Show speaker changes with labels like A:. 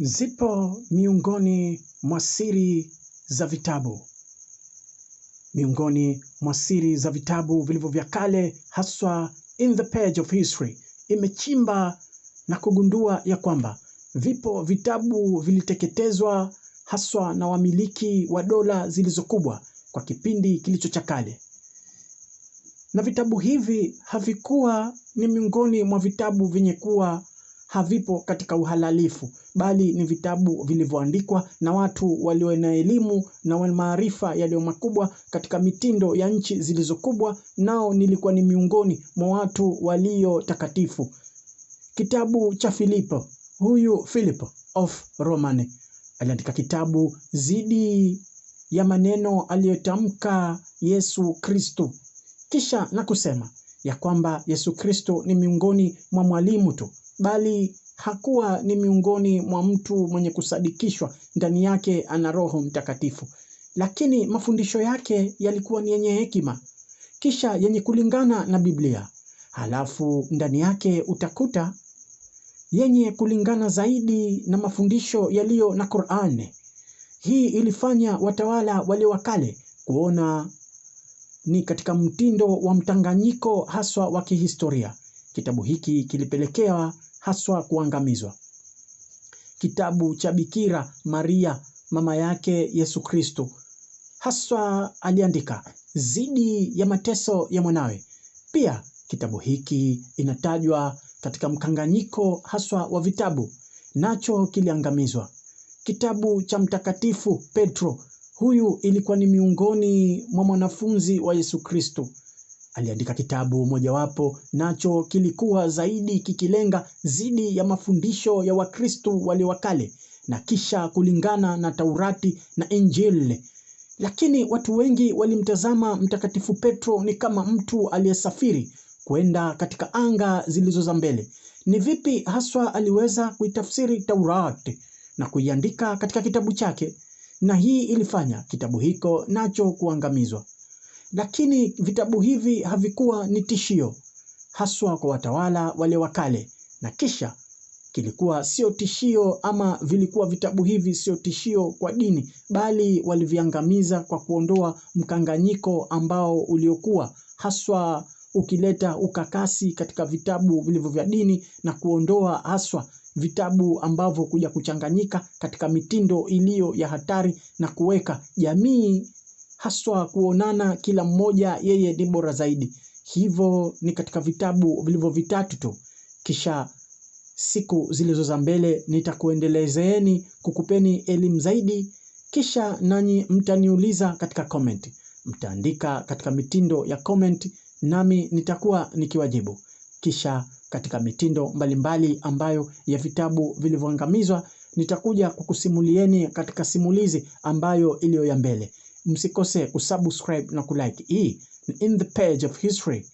A: Zipo miongoni mwa siri za vitabu. Miongoni mwa siri za vitabu vilivyo vya kale haswa in the page of history imechimba na kugundua ya kwamba vipo vitabu viliteketezwa haswa na wamiliki wa dola zilizokubwa kwa kipindi kilicho cha kale. Na vitabu hivi havikuwa ni miongoni mwa vitabu vyenye kuwa havipo katika uhalalifu, bali ni vitabu vilivyoandikwa na watu walio na elimu na maarifa yaliyo makubwa katika mitindo ya nchi zilizokubwa, nao nilikuwa ni miongoni mwa watu walio takatifu. Kitabu cha Filipo, huyu Philip of Romane aliandika kitabu zidi ya maneno aliyotamka Yesu Kristo, kisha na kusema ya kwamba Yesu Kristo ni miongoni mwa mwalimu tu, bali hakuwa ni miongoni mwa mtu mwenye kusadikishwa, ndani yake ana Roho Mtakatifu, lakini mafundisho yake yalikuwa ni yenye hekima, kisha yenye kulingana na Biblia. Halafu ndani yake utakuta yenye kulingana zaidi na mafundisho yaliyo na Qur'an. Hii ilifanya watawala wale wa kale kuona ni katika mtindo wa mtanganyiko haswa wa kihistoria. Kitabu hiki kilipelekewa haswa kuangamizwa. Kitabu cha Bikira Maria mama yake Yesu Kristo haswa aliandika zidi ya mateso ya mwanawe. Pia kitabu hiki inatajwa katika mkanganyiko haswa wa vitabu, nacho kiliangamizwa. Kitabu cha Mtakatifu Petro, huyu ilikuwa ni miongoni mwa mwanafunzi wa Yesu Kristo. Aliandika kitabu mojawapo, nacho kilikuwa zaidi kikilenga dhidi ya mafundisho ya Wakristo walio wa kale na kisha kulingana na Taurati na Injili. Lakini watu wengi walimtazama Mtakatifu Petro ni kama mtu aliyesafiri kwenda katika anga zilizo za mbele. Ni vipi haswa aliweza kuitafsiri Taurati na kuiandika katika kitabu chake? Na hii ilifanya kitabu hicho nacho kuangamizwa lakini vitabu hivi havikuwa ni tishio haswa kwa watawala wale wa kale, na kisha kilikuwa sio tishio ama vilikuwa vitabu hivi sio tishio kwa dini, bali waliviangamiza kwa kuondoa mkanganyiko ambao uliokuwa haswa ukileta ukakasi katika vitabu vilivyo vya dini na kuondoa haswa vitabu ambavyo kuja kuchanganyika katika mitindo iliyo ya hatari na kuweka jamii haswa kuonana kila mmoja yeye ni bora zaidi. Hivyo ni katika vitabu vilivyo vitatu tu. Kisha siku zilizo za mbele nitakuendelezeeni kukupeni elimu zaidi, kisha nanyi mtaniuliza katika comment. Mtaandika katika mitindo ya comment nami nitakuwa nikiwajibu. Kisha katika mitindo mbalimbali mbali ambayo ya vitabu vilivyoangamizwa nitakuja kukusimulieni katika simulizi ambayo iliyo ya mbele msikose kusubscribe na kulike. Hii In the Page of History